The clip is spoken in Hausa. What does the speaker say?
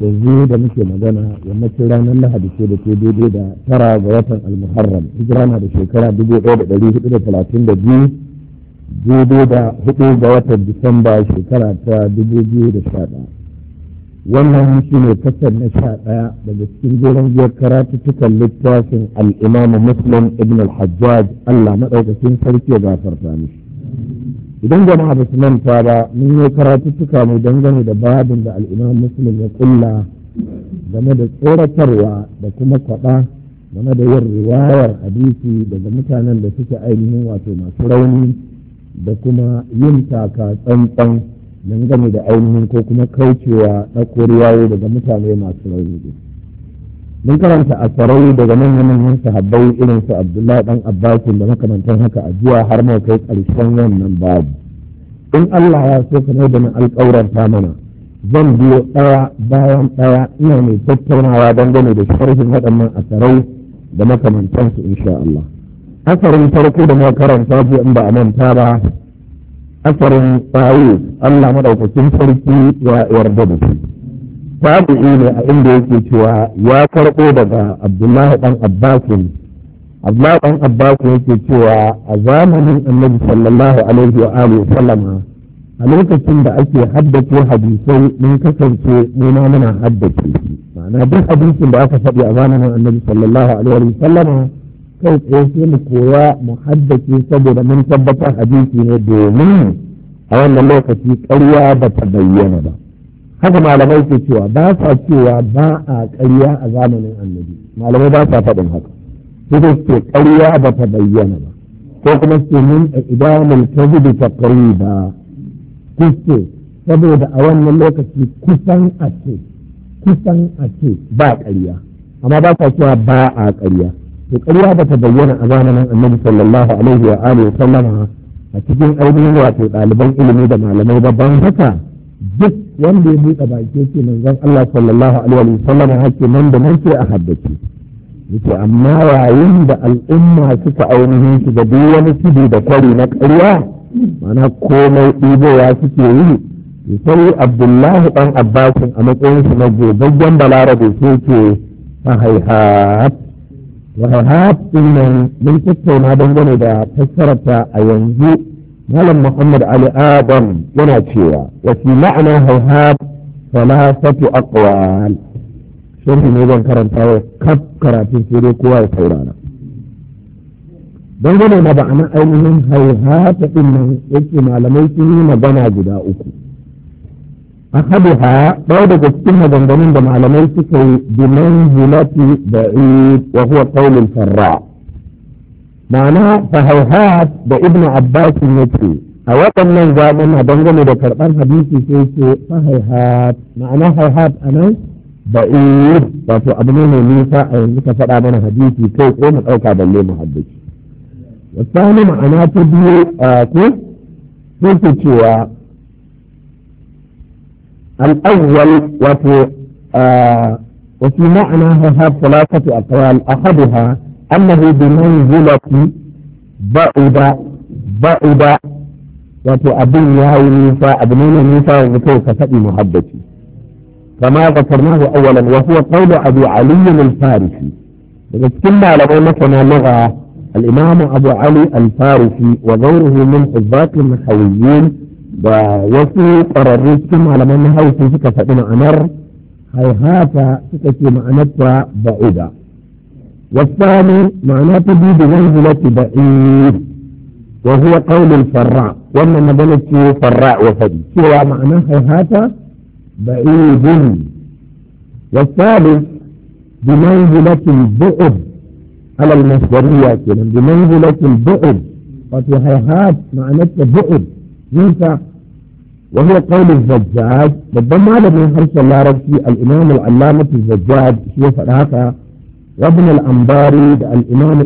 yanzu da muke magana yammacin ranar lahadi ce da ke daidai da tara ga watan almuharram hijira na da shekara dubu ɗaya da ɗari hudu da talatin da biyu daidai da hudu ga watan disamba shekara ta dubu biyu da sha ɗaya wannan shi ne kasar na sha ɗaya daga cikin jerin biyar karatuttukan littafin al'imamu muslim ibn al-hajjaj allah maɗaukacin sarki ya gafarta mishi idan jama'a ba su manta ba mun yi karatuttuka mu dangane da babin da al'imam muslim ya kulla game da tsoratarwa da kuma kwaɗa game da yin riwayar hadisi daga mutanen da suke ainihin wato masu rauni da kuma yin taka tsantsan dangane da ainihin ko kuma kaucewa na riwayo daga mutane masu rauni mun karanta a tsarai daga manyan manyan sahabbai irin su abdullahi dan abbasin da makamantan haka a jiya har ma kai karshen wannan babu in allah ya so kamar da na ta mana zan biyo ɗaya bayan ɗaya ina mai tattaunawa dangane da sharhin waɗannan tsarai da makamantansu insha allah asarin farko da na karanta jiya in ba a manta ba asarin tsawo allah maɗaukakin sarki ya yarda da shi babu ne a inda yake cewa ya farko daga abdullahi dan abbasin abdullahi dan abbasin yake cewa a zamanin annabi sallallahu alaihi wa alihi a lokacin da ake haddace hadisai mun kasance muna muna haddace shi ma'ana duk hadisin da aka faɗi a zamanin annabi sallallahu alaihi wa sallama kai tsaye sai mu koya mu haddace saboda mun tabbatar hadisi ne domin a wannan lokaci ƙarya ba ta bayyana ba haka malamai ke cewa ba sa cewa ba a ƙarya a zamanin annabi malamai ba sa faɗin haka su da suke ƙarya ba ta bayyana ba ko kuma su min idamul ba taqriba ce saboda a wannan lokaci kusan a ce kusan a ce ba ƙarya amma ba sa cewa ba a ƙarya to ƙarya ba ta bayyana a zamanin annabi sallallahu alaihi wa alihi wa sallama a cikin ainihin wato ɗaliban ilimi da malamai ban haka duk wanda ya buɗe baki yake manzon Allah sallallahu alaihi wa sallam hake nan da nan ke a haddace yake amma yayin da al'umma suka ainihin shi da duk wani tudu da kwari na ƙarya mana komai ya suke yi sai abdullahi ɗan abbasin a matsayin shi na gobaggen balarabe sai ke mahaihab mahaihab ɗin nan mun tattauna dangane da fassararta a yanzu ولم محمد على آدم ينكيا وفي معنى هوهاب ثلاثة أقوال شنو نوبان كرم طاوة كب كراتين سيري كواي خيرانا بل ونما بعنا أيضا هوهاب إنه إسم على ميته مبنى جدا أكو أخذها بعد قصتها بندنين على ميته بمنزلة بعيد وهو قول الفراء معناه فهو بابن عباس النتري أولا من زمان هذا من ذكر الحديث في شيء فهيهات هاد هيهات أنا بعيد فهو أبن النيسا أي متفرع من الحديث في شيء من أوكا بالله محدث والثاني معناه تبي أكو آه، في شيء الأول وفي آه وفي معنى هذا ثلاثة أقوال أحدها أنه بمنزلة بعد بعد wato abin ya yi nisa abu ne mai nisa wa mutum ka faɗi muhabbaci kama zakarnahu awwalan wa huwa qawlu abi ali al-farisi daga cikin malamai masana lugha al-imam abu ali al-farisi wa ghawruhu min hubbat al-hawiyyin da wasu ƙwararru cikin malaman nahawu suka faɗi ma'anar haihata suka ce ma'anarta ba'uda والثاني معناته به بمنزلة بعيد وهو قول الفراء وما نبلت فراء وفدي سوى معناه هذا بعيد والثالث بمنزلة البعد على المصدرية كده بمنزلة البعد وفي هيهات معناته بعد ينفع وهو قول الزجاج ربما لم يحرص الله ربي الإمام العلامة الزجاج شوف هذا وابن الأنباري الإمام